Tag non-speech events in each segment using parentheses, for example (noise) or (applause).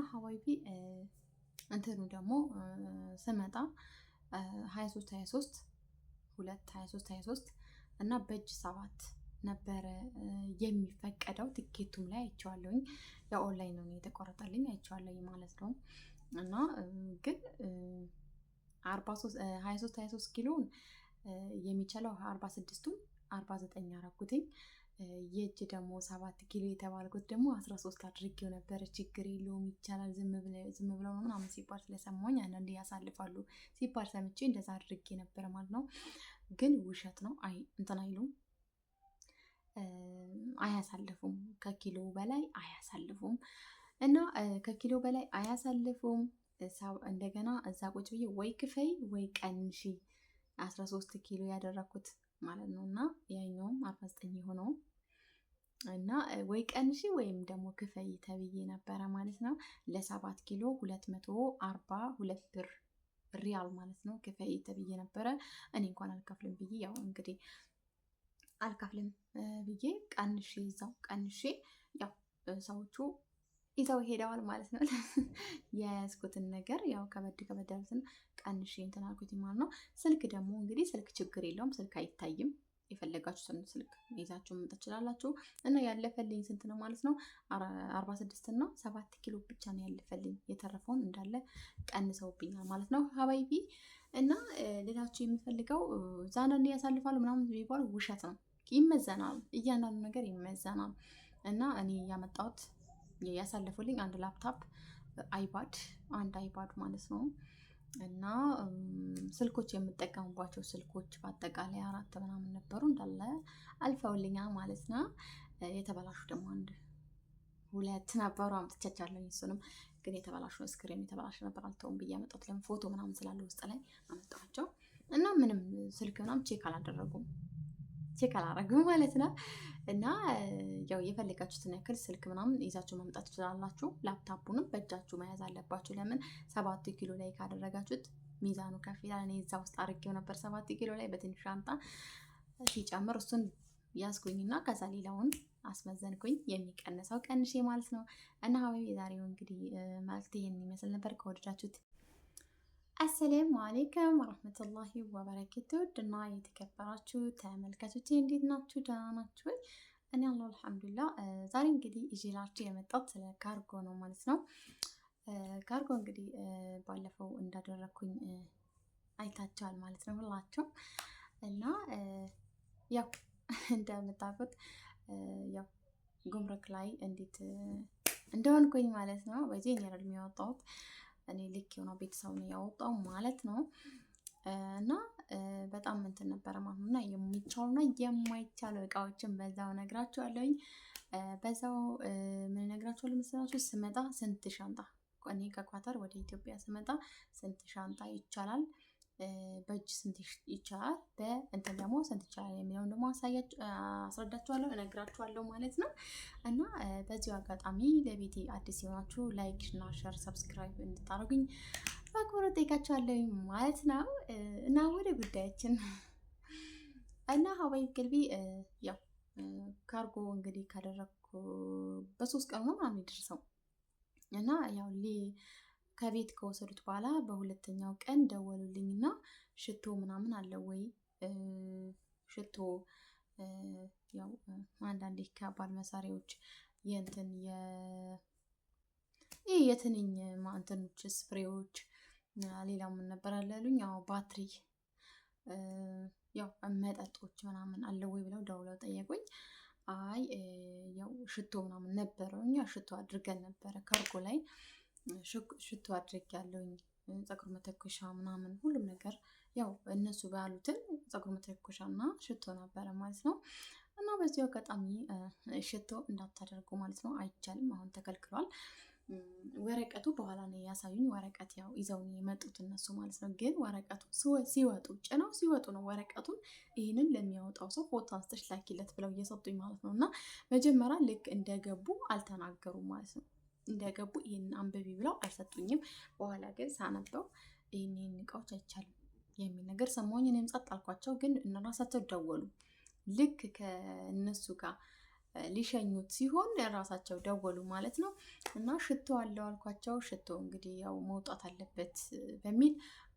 እና ሀዋይቢ እንትኑ ደግሞ ስመጣ ሀያ ሶስት ሁለት ሀያ ሶስት እና በእጅ ሰባት ነበረ የሚፈቀደው። ትኬቱም ላይ አይቼዋለሁኝ። ያው ኦንላይን ነው የተቆረጠልኝ አይቼዋለሁኝ ማለት ነው እና ግን 23 ሶስት ሀያ ኪሎን የሚቻለው 46 ስድስቱን አርባ አረኩትኝ የእጅ ደግሞ ሰባት ኪሎ የተባልኩት ደግሞ አስራ ሶስት አድርጌው ነበረ። ችግር የለውም ይቻላል፣ ዝም ብለው ነው ምናምን ሲባል ስለሰማኝ አንዳንዴ ያሳልፋሉ ሲባል ሰምቼ እንደዛ አድርጌ ነበረ ማለት ነው። ግን ውሸት ነው። አይ እንትን አይሉም፣ አያሳልፉም። ከኪሎ በላይ አያሳልፉም እና ከኪሎ በላይ አያሳልፉም። እንደገና እዛ ቁጭ ብዬ ወይ ክፈይ ወይ ቀንሺ አስራ ሶስት ኪሎ ያደረኩት ማለት ነው እና ያኛውም አርባ ዘጠኝ የሆነውም እና ወይ ቀንሺ ወይም ደግሞ ክፈይ ተብዬ ነበረ ማለት ነው። ለሰባት ኪሎ ሁለት መቶ አርባ ሁለት ብር ሪያል ማለት ነው ክፈይ ተብዬ ነበረ። እኔ እንኳን አልከፍልም ብዬ ያው እንግዲህ አልከፍልም ብዬ ቀንሼ እዛው ቀንሼ ያው ሰዎቹ ይዘው ሄደዋል ማለት ነው። (laughs) የያዝኩትን ነገር ያው ከበድ ከበድ ያሉትን ቀንሽ እንትን ማለት ነው። ስልክ ደግሞ እንግዲህ ስልክ ችግር የለውም ስልክ አይታይም። የፈለጋችሁትን ስልክ ይዛችሁ መምጣት ትችላላችሁ። እና ያለፈልኝ ስንት ነው ማለት ነው? አርባ ስድስት እና ሰባት ኪሎ ብቻ ነው ያለፈልኝ። የተረፈውን እንዳለ ቀንሰውብኛል ማለት ነው ሀባይቢ። እና ሌላችሁ የምፈልገው ዛነን ያሳልፋሉ ምናምን የሚባሉ ውሸት ነው። ይመዘናል፣ እያንዳንዱ ነገር ይመዘናል። እና እኔ ያመጣሁት ያሳለፉልኝ አንድ ላፕታፕ አይፓድ አንድ አይፓድ ማለት ነው እና ስልኮች የምጠቀሙባቸው ስልኮች በአጠቃላይ አራት ምናምን ነበሩ እንዳለ አልፈውልኛል ማለት ነው። የተበላሹ ደግሞ አንድ ሁለት ነበሩ አምጥቻቻለሁ። እሱንም ግን የተበላሹ እስክሪን የተበላሽ ነበር አልተውም ብዬ ያመጣሁት ለምን ፎቶ ምናምን ስላለ ውስጥ ላይ አመጣኋቸው እና ምንም ስልክ ምናምን ቼክ አላደረጉም ቼክ አላረግም ማለት ነው። እና ያው የፈለጋችሁትን ያክል ስልክ ምናምን ይዛችሁ መምጣት ትችላላችሁ። ላፕታፑንም በእጃችሁ መያዝ አለባችሁ። ለምን ሰባት ኪሎ ላይ ካደረጋችሁት ሚዛኑ ከፍ ይላል። እኔ እዛ ውስጥ አድርጌው ነበር ሰባት ኪሎ ላይ በትንሽ ሻንጣ ሲጨምር እሱን እና ከዛ ሌላውን አስመዘንኩኝ የሚቀንሰው ቀንሼ ማለት ነው። እና ሀበቢ የዛሬው እንግዲህ መልክት ይሄን ይመስል ነበር። ከወደዳችሁት አሰላሙ አሌይኩም ወረህመቱላሂ ወበረከቱ ድና የተከበራችሁ ተመልካቾቼ እንዴት ናችሁ? ደህና ናችሁ? እኔ አለሁ አልሐምዱሊላህ። ዛሬ እንግዲህ ይዤላችሁ የመጣሁት ስለ ካርጎ ነው ማለት ነው። ካርጎ እንግዲህ ባለፈው እንዳደረግኩኝ አይታችኋል ማለት ነው ሁላችሁም እና ያው እንደምታውቁት ያው ጉምሩክ ላይ እንዴት እንደሆንኩኝ ማለት ነው በዚህ እኔ አይደለም ያወጣሁት እኔ ልክ የሆነው ነው ያወጣው ማለት ነው። እና በጣም እንትን ነበረ ማለት ነው። እና የሚቻሉና የማይቻሉ እቃዎችን በዛው ነግራችኋለሁኝ። በዛው ምን ነግራችኋለሁ መሰላችሁ? ስመጣ ስንት ሻንጣ እኔ ከኳተር ወደ ኢትዮጵያ ስመጣ ስንት ሻንጣ ይቻላል በእጅ ስንት ይቻላል፣ በእንትን ደግሞ ስንት ይቻላል የሚለውን ደግሞ አስረዳችኋለሁ እነግራችኋለሁ ማለት ነው። እና በዚሁ አጋጣሚ ለቤቴ አዲስ የሆናችሁ ላይክ እና ሸር ሰብስክራይብ እንድታደርጉኝ በአክብሮት ጠይቃችኋለሁ ማለት ነው። እና ወደ ጉዳያችን (laughs) እና ሀባይ ገልቢ ያው ካርጎ እንግዲህ ካደረግኩ በሶስት ቀኑ ነው ምናምን የደረሰው እና ያው ከቤት ከወሰዱት በኋላ በሁለተኛው ቀን ደወሉልኝ እና ሽቶ ምናምን አለ ወይ ሽቶ ያው አንዳንዴ ከባድ መሳሪያዎች የእንትን ይህ የትንኝ ማንትኖች ስፕሬዎች ሌላ ምን ነበር አላሉኝ። ያው ባትሪ ያው መጠጦች ምናምን አለ ወይ ብለው ደውለው ጠየቁኝ። አይ ያው ሽቶ ምናምን ነበረው እኛ ሽቶ አድርገን ነበረ ከርጎ ላይ ሽቶ አድርግ ያለውኝ ፀጉር መተኮሻ ምናምን ሁሉም ነገር ያው እነሱ ባሉትን ፀጉር መተኮሻ እና ሽቶ ነበረ ማለት ነው። እና በዚሁ አጋጣሚ ሽቶ እንዳታደርጉ ማለት ነው፣ አይቻልም። አሁን ተከልክሏል። ወረቀቱ በኋላ ነው ያሳዩኝ። ወረቀት ያው ይዘው የመጡት እነሱ ማለት ነው። ግን ወረቀቱ ሲወጡ ጭነው ሲወጡ ነው ወረቀቱን ይህንን ለሚያወጣው ሰው ፎቶ አንስተሽ ላኪለት ብለው እየሰጡኝ ማለት ነው። እና መጀመሪያ ልክ እንደገቡ አልተናገሩም ማለት ነው። እንደገቡ ይህን አንብቢ ብለው አልሰጡኝም። በኋላ ግን ሳነበው ይህን ይህን እቃዎች አይቻልም የሚል ነገር ሰማሁኝ። እኔም ጸጥ አልኳቸው። ግን እነራሳቸው ደወሉ። ልክ ከእነሱ ጋር ሊሸኙት ሲሆን ራሳቸው ደወሉ ማለት ነው። እና ሽቶ አለው አልኳቸው። ሽቶ እንግዲህ ያው መውጣት አለበት በሚል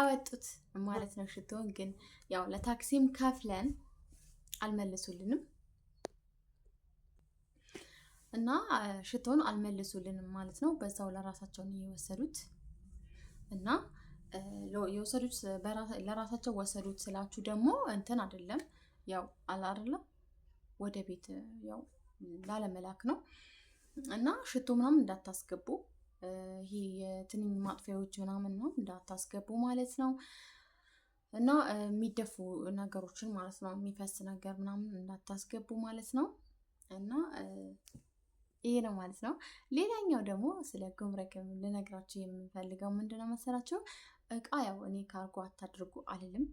አወጡት ማለት ነው። ሽቶን ግን ያው ለታክሲም ከፍለን አልመልሱልንም። እና ሽቶን አልመልሱልንም ማለት ነው። በዛው ለራሳቸውን የወሰዱት እና የወሰዱት ለራሳቸው ወሰዱት ስላችሁ ደግሞ እንትን አይደለም ያው አላደለም ወደ ቤት ያው ላለመላክ ነው እና ሽቶ ምናምን እንዳታስገቡ ይሄ የትንኝ ማጥፊያዎች ምናምን ነው እንዳታስገቡ ማለት ነው። እና የሚደፉ ነገሮችን ማለት ነው የሚፈስ ነገር ምናምን እንዳታስገቡ ማለት ነው እና ይሄ ነው ማለት ነው። ሌላኛው ደግሞ ስለ ጉምረክ ልነግራቸው የምንፈልገው ምንድነው መሰላቸው? እቃ ያው እኔ ካርጎ አታድርጉ አልልም።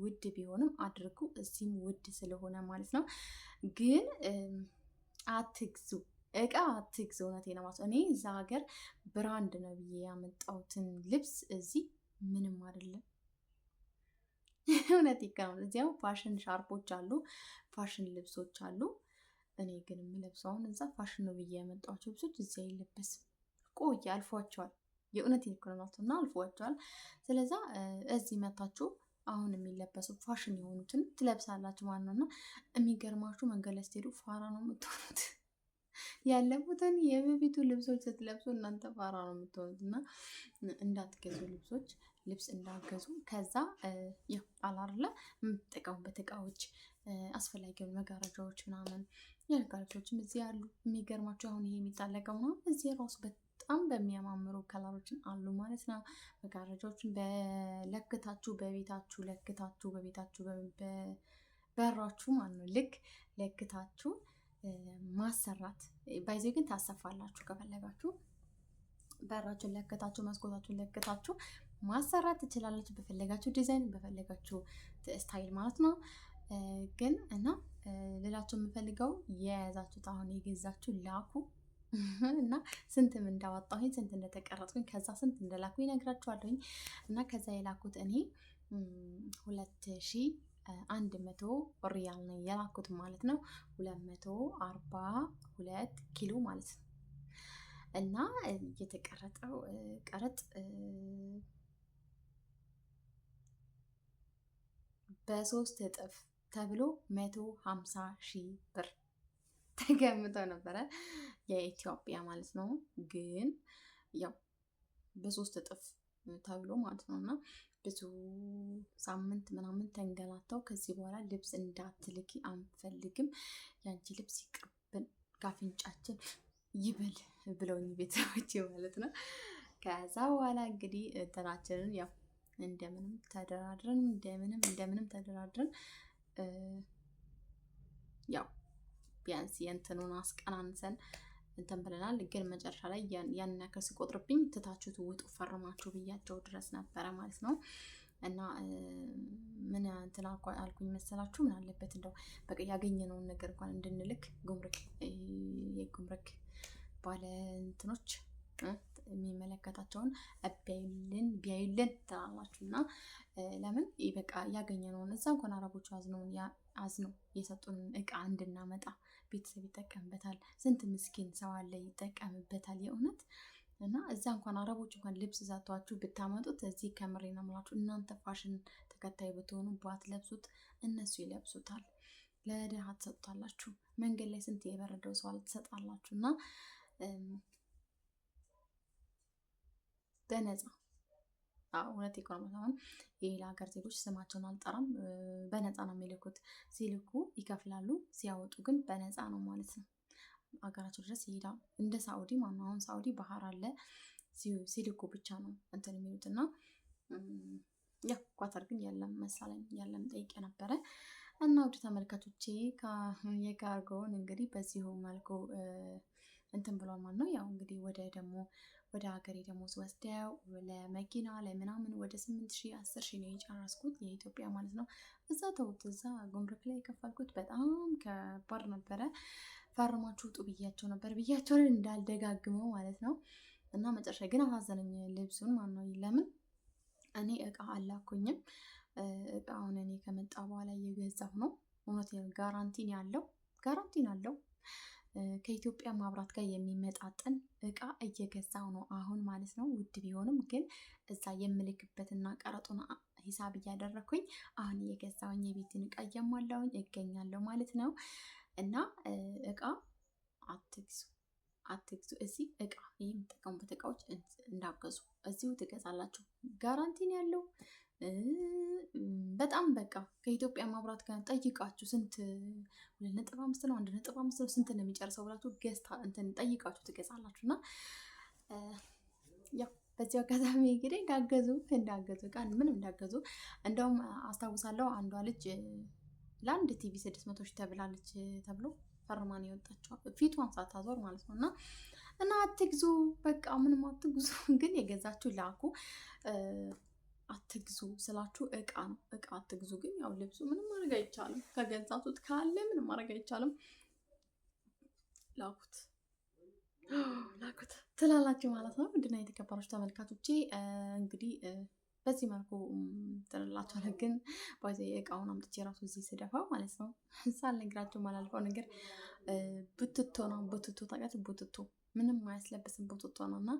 ውድ ቢሆንም አድርጉ፣ እዚህም ውድ ስለሆነ ማለት ነው። ግን አትግዙ እቃ አትግዙ። እውነቴ ነው ማለት እኔ እዛ ሀገር ብራንድ ነው ብዬ ያመጣሁትን ልብስ እዚህ ምንም አይደለም። (laughs) እውነት ይከናል። እዚያው ፋሽን ሻርፖች አሉ፣ ፋሽን ልብሶች አሉ። እኔ ግን የምለብሰው እዛ ፋሽን ነው ብዬ ያመጣቸው ልብሶች እዚያ አይለበስም። ቆየ አልፏቸዋል። የእውነት የክረናትና አልፏቸዋል። ስለዛ እዚህ መታችሁ አሁን የሚለበሱ ፋሽን የሆኑትን ትለብሳላችሁ ማለት ነው። እና የሚገርማችሁ መንገድ ላይ ስትሄዱ ፋራ ነው የምትሆኑት። (laughs) ያለፉትን የበፊቱ ልብሶች ስትለብሱ እናንተ ፋራ ነው የምትሆኑት። እና እንዳትገዙ ልብሶች ልብስ እንዳገዙ ከዛ አላርለ የምትጠቀሙበት እቃዎች አስፈላጊውን መጋረጃዎች ምናምን የነጋዴዎችም እዚህ አሉ። የሚገርማቸው አሁን ይሄ የሚጣለቀው ነው። እዚህ ራሱ በጣም በሚያማምሩ ከለሮችን አሉ ማለት ነው። መጋረጃዎችን በለክታችሁ በቤታችሁ ለክታችሁ በቤታችሁ በራችሁ ማለት ነው ልክ ለክታችሁ ማሰራት ባይዜ ግን ታሰፋላችሁ ከፈለጋችሁ በራችሁን ለክታችሁ መስኮታችሁን ለክታችሁ ማሰራት ትችላላችሁ። በፈለጋችሁ ዲዛይን በፈለጋችሁ ስታይል ማለት ነው ግን እና ልላችሁ የምፈልገው የያዛችሁት አሁን የገዛችሁ ላኩ (laughs) እና ስንትም እንዳወጣሁኝ ስንት እንደተቀረጥኩኝ ከዛ ስንት እንደላኩ ይነግራችኋለሁኝ። እና ከዛ የላኩት እኔ ሁለት ሺ አንድ መቶ ሪያል ነው የላኩት ማለት ነው። ሁለት መቶ አርባ ሁለት ኪሎ ማለት ነው። እና የተቀረጠው ቀረጥ በሶስት እጥፍ ተብሎ 150 ሺህ ብር ተገምቶ ነበረ የኢትዮጵያ ማለት ነው። ግን ያው በሶስት እጥፍ ተብሎ ማለት ነው እና ብዙ ሳምንት ምናምን ተንገላተው ከዚህ በኋላ ልብስ እንዳትልኪ አንፈልግም፣ ያንቺ ልብስ ይቅርብን፣ ካፍንጫችን ይበል ብለውኝ ቤተሰቦች ማለት ነው። ከዛ በኋላ እንግዲህ እንትናችንን ያው እንደምንም ተደራድረን እንደምንም እንደምንም ተደራድረን ያው ቢያንስ የእንትኑን አስቀናንሰን እንትን ብለናል። ግን መጨረሻ ላይ ያን ያክል ሲቆጥርብኝ ትታችሁት ውጡ ፈርማችሁ ብያቸው ድረስ ነበረ ማለት ነው። እና ምን እንትን አልኩኝ መሰላችሁ፣ ምን አለበት እንደው በቃ ያገኘነውን ነገር እንኳን እንድንልክ ጉምርክ የጉምሩክ ባለ እንትኖች የሚመለከታቸውን ቢያዩልን ቢያዩልን ትላላችሁ እና ለምን በቃ ያገኘነውን እዛ እንኳን አረቦቹ አዝነውን አዝነው የሰጡን እቃ እንድናመጣ ቤተሰብ ይጠቀምበታል። ስንት ምስኪን ሰው አለ ይጠቀምበታል የእውነት እና እዛ እንኳን አረቦች እንኳን ልብስ ሰጥቷችሁ ብታመጡት እዚህ ከምሬ ነው የምላችሁ፣ እናንተ ፋሽን ተከታይ ብትሆኑ ለብሱት እነሱ ይለብሱታል። ለድሃ ትሰጡታላችሁ። መንገድ ላይ ስንት የበረደው ሰው ትሰጣላችሁ እና በነፃ እውነት ኢኮኖሚ አሁን የሌላ ሀገር ዜጎች ስማቸውን አልጠራም። በነፃ ነው የሚልኩት። ሲልኩ ይከፍላሉ፣ ሲያወጡ ግን በነፃ ነው ማለት ነው። ሀገራቸው ድረስ ይሄዳ እንደ ሳኡዲ ማነው አሁን ሳኡዲ ባህር አለ። ሲልኩ ብቻ ነው እንትን የሚሉት እና ያ ኳተር ግን የለም መሳለኝ ያለም ጠይቄ ነበረ። እና ውድ ተመልካቾቼ የካርጎውን እንግዲህ በዚሁ መልኩ እንትን ብሏል ማለት ነው። ያው እንግዲህ ወደ ደግሞ ወደ ሀገሬ ደግሞ ስወስደው ለመኪና ለምናምን ወደ ስምንት ሺ አስር ሺ ነው የጨረስኩት የኢትዮጵያ ማለት ነው። እዛ ተውት፣ እዛ ጉምሩክ ላይ የከፈልኩት በጣም ከባድ ነበረ። ፈርማችሁ ውጡ ብያቸው ነበር ብያቸውን እንዳልደጋግመው ማለት ነው። እና መጨረሻ ግን አሳዘነኝ ልብሱን ማለት ነው። ለምን እኔ እቃ አላኩኝም። እቃ እኔ ከመጣ በኋላ እየገዛሁ ነው። እውነት ጋራንቲን ያለው ጋራንቲን አለው ከኢትዮጵያ ማብራት ጋር የሚመጣጠን እቃ እየገዛው ነው አሁን ማለት ነው። ውድ ቢሆንም ግን እዛ የምልክበትና ቀረጡን ሂሳብ እያደረኩኝ አሁን እየገዛውኝ የቤትን እቃ እያሟላውኝ እገኛለሁ ማለት ነው። እና እቃ አትግዙ አትግዙ እዚህ እቃ ይህ የምጠቀሙበት እቃዎች እንዳገዙ እዚሁ ትገዛላችሁ። ጋራንቲን ያለው በጣም በቃ ከኢትዮጵያ መብራት ጋር ጠይቃችሁ ስንት ሁለት ነጥብ አምስት ነው አንድ ነጥብ አምስት ነው ስንት ነው የሚጨርሰው ብላችሁ ገዝታ እንትን ጠይቃችሁ ትገዛላችሁ። እና ያው በዚህ አጋጣሚ እንግዲህ እንዳገዙ እንዳገዙ ቃ ምንም እንዳገዙ። እንደውም አስታውሳለሁ አንዷ ልጅ ለአንድ ቲቪ ስድስት መቶ ሺህ ተብላለች ተብሎ ፈርማን የወጣቸዋል ፊቷን ሳታዞር ማለት ነው። እና እና አትግዙ፣ በቃ ምንም አትግዙ። ግን የገዛችሁ ላኩ። አትግዙ ስላችሁ እቃ ነው። እቃ አትግዙ ግን ያው ልብሱ ምንም ማድረግ አይቻልም። ከገዛቱት ካለ ምንም ማድረግ አይቻልም። ላኩት (gasps) ላኩት ትላላችሁ ማለት ነው። ምንድና የተከበራችሁ ተመልካቶቼ እንግዲህ በዚህ መልኩ ጥንላቸዋለ ግን ባዜ እቃውን አምጥቼ ራሱ እዚህ ስደፋው ማለት ነው። ሳልነግራቸው ማላልፈው ነገር ብትቶ ነው። ብትቶ ታውቃችሁ? ብትቶ ምንም አያስለብስም ብትቶ ነው። እና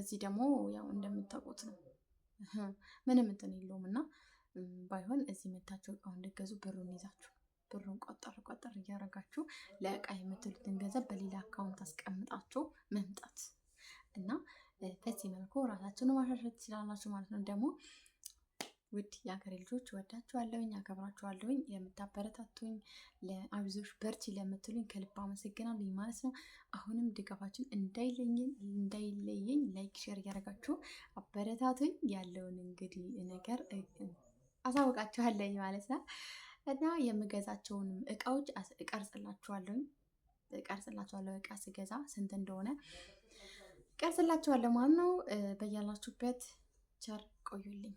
እዚህ ደግሞ ያው እንደምታውቁት ነው ምንም እንትን የለውም እና ባይሆን እዚህ መታችሁ እቃው እንድገዙ ብሩን ይዛችሁ ብሩን ቆጠር ቆጠር እያረጋችሁ ለእቃ የምትሉትን ገንዘብ በሌላ አካውንት አስቀምጣችሁ መምጣት እና በዚህ መልኩ ራሳችሁን ማሻሻል ትችላላችሁ ማለት ነው ደግሞ ውድ የአገሬ ልጆች ወዳችኋለሁኝ፣ አከብራችኋለሁኝ። የምታበረታቱኝ ለአብዞች በርቺ ለምትሉኝ ከልብ አመሰግናለሁ ማለት ነው። አሁንም ድጋፋችን እንዳይለየኝ ላይክ፣ ሼር እያደረጋችሁ አበረታቱኝ። ያለውን እንግዲህ ነገር አሳውቃችኋለኝ ማለት ነው እና የምገዛቸውንም እቃዎች እቀርጽላችኋለሁኝ እቀርጽላችኋለሁ እቃ ስገዛ ስንት እንደሆነ እቀርጽላችኋለሁ ማለት ነው። በያላችሁበት ቸር ቆዩልኝ።